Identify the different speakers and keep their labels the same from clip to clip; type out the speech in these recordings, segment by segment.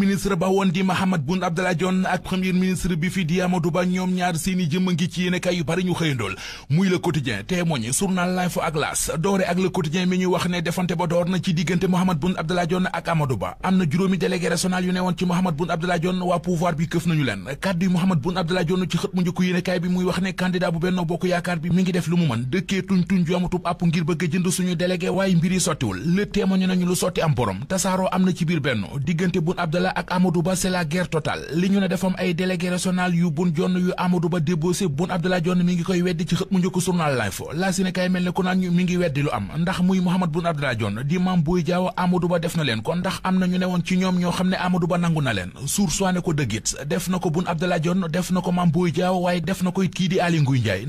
Speaker 1: ministre ba woon di Mahammed Boun Abdallah Dionne ak premier ministre bi fi di Amadou Ba ñoom ñaar seeni jëmm ngi ci yéene kay yu bari ñu xëyandool muy le quotidien témoigne journal Life ak L'As doore ak le quotidien mi ñu wax ne defante ba door na ci diggante Mahammed Boun Abdallah Dionne ak Amadou Ba am na juróomi délégué régional yu newoon ci Mahammed Boun Abdallah Dionne waa pouvoir bi këf nañu leen kàddu yi Mahammed Boun Abdallah Dionne ci xët mu njëkk yéene la ak Amadou Ba c'est la guerre totale li ñu ne defam ay délégué régional yu bun jonn yu Amadou Ba débauché bun Abdoulaye Jonn mi ngi koy weddi ci mu njëkk journal L'Info laa si mel ne ku naan mi ngi weddi lu am ndax muy Mouhamed bun Abdoulaye Jonn di Mame Boye Diao Amadou Ba def na leen ko ndax am na ñu ne woon ci ñoom ñoo xam ne Amadou Ba nangu na leen suur soine ko dëggit def na ko bun Abdoulaye Jonn def na ko Mame Boye Diao waaye def na ko kii di Aly Ngouille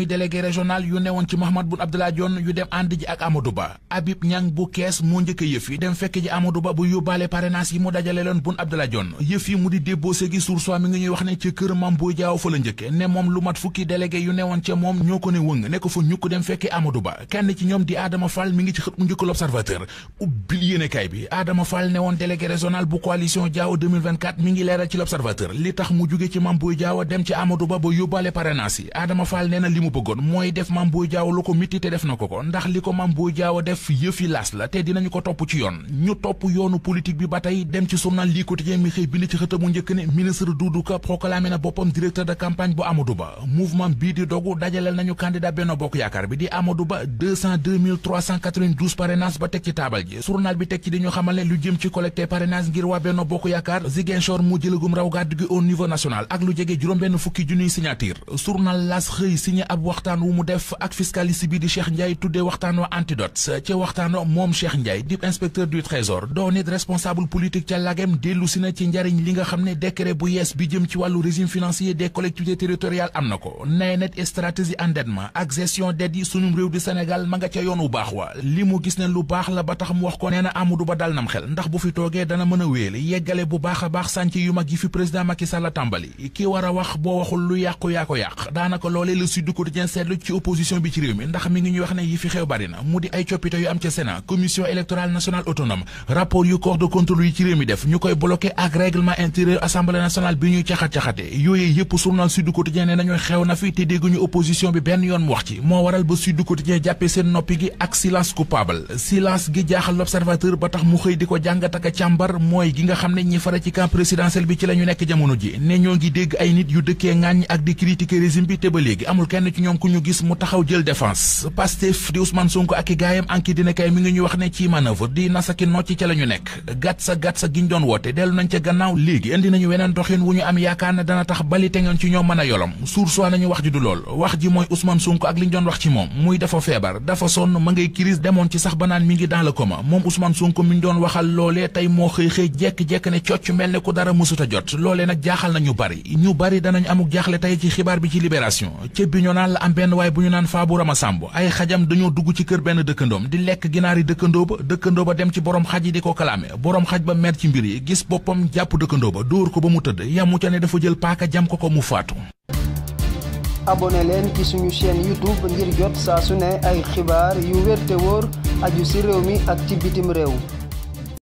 Speaker 1: Ndiaye conseil régional yu newoon ci Mahammed Boun Abdallah Dionne yu dem ànd ji ak Amadou Ba Habib Niang bu kees moo njëkk yëf yi dem fekk ji Amadou Ba bu yóbbaale parrainage yi mu dajale loon Boun Abdallah Dionne yëf yi mu ngi ñuy ci kër Mame Boye Diao fa la njëkke ne moom dem fekki Amadou Ba kenn ci ñoom di Adama Fall mi ngi ci xët bu coalition Diao 2024 ngi leeral ci l'Observateur li tax mu jóge ci Mame Boye Diao dem ci Amadou Ba ba yóbbaale parrainage mooy def Mame Boye Diao lu ko mitti te def na ko ko ndax li ko Mame Boye Diao def yëfi laas la te dinañu ko topp ci yoon ñu topp yoonu politique bi ba tey dem ci journal lii quotidien mi xëy bind ci xëtamu njëkk ne ministre Doudou Ka proclamé na boppam directeur de campagne bu Amadou Ba mouvement bii di dogu dajaleel nañu candidat Benno Bokk Yaakaar bi di Amadou Ba 202 ba teg ci taabal ji journal bi teg ci di ñu xamal ne lu jëm ci collecté parrainage ngir waxtaan waxtaan wu mu def ak fiscaliste bi di Cheikh Ndiaye tuddee waxtaanoo antidote ca waxtaanoo moom Cheikh Ndiaye di inspecteur du trésor doo nit responsable politique ca lagem dellu na ci njariñ li nga xam ne décret bu yees bi jëm ci wàllu régime financier des collectivités territoriales am na ko nay net stratégie endettement ak gestion dette yi sunum réew di Sénégal ma nga ca yoon wu baax wa li mu gis ne lu baax la ba tax mu wax ko nee na Amadou Ba dal nam xel ndax bu fi toogee dana mën a wéel yeggale bu baax a baax sànc yu mag yi fi président Macky Sall tàmbali ki war a wax boo waxul lu yàqu yaa ko seetlu ci opposition bi ci réew mi ndax mi ngi ñuy wax ne yi fi xew bari mu di ay coppite yu am ca Sénat commission électorale nationale autonome rapport yu corps de contrôle yi ci réew mi def ñu koy bloqué ak règlement intérieur assemblée nationale bi ñuy caxat-caxate yooyee yëpp journal Sud Quotidien ne nañu xew na fi te dégguñu opposition bi benn yoon mu wax ci moo waral ba Sud Quotidien jàppee seen noppi gi ak silence coupable silence gi jaaxal l'observateur ba tax di ko jàngat ak càmbar mooy gi nga xam ne ñi fara ci camp la ñu nekk jamono ji nit yu dëkkee ŋàññ ak di critiquer régime ñu gis mu taxaw jël défense Pastef di Ousmane Sonko ak i gaayam anki dina kay mi ngi ñuy wax ne ci manœuvre di nasaki nocc ca la nekk gàt sa gàt sa giñ doon woote dellu nañ ca gannaaw léegi indi nañu weneen doxin wu ñu am yaakaar ne dana tax bali te ngeen ci ñoom mën a yolom sursoi nañu wax ji du lool wax ji mooy Ousmane Sonko ak li ñu doon wax ci moom muy dafa feebar dafa sonn ma ngay crise demoon ci sax banaan mi ngi dans le coma moom Ousmane ñu doon waxal loolee a jot loolee nag jaaxal nañu bari ñu ci xibaar bi ci benn waay bu ñu naan faabu ramasamb ay xajam dañoo dugg ci kër benn dëkkandoom di lekk ginaar yi dëkkandoo ba dëkkandoo ba dem ci borom xaj yi di ko kalaame borom xaj ba mer ci mbir yi gis boppam jàpp dëkkandoo ba dóor ko ba mu tëdd yamu ca ne dafa jël paaka jam ko ko mu faatu abonné leen ci suñu chaîne youtube ngir jot saa su ne ay xibaar yu wér wóor aju ci réew mi ak ci bitim réew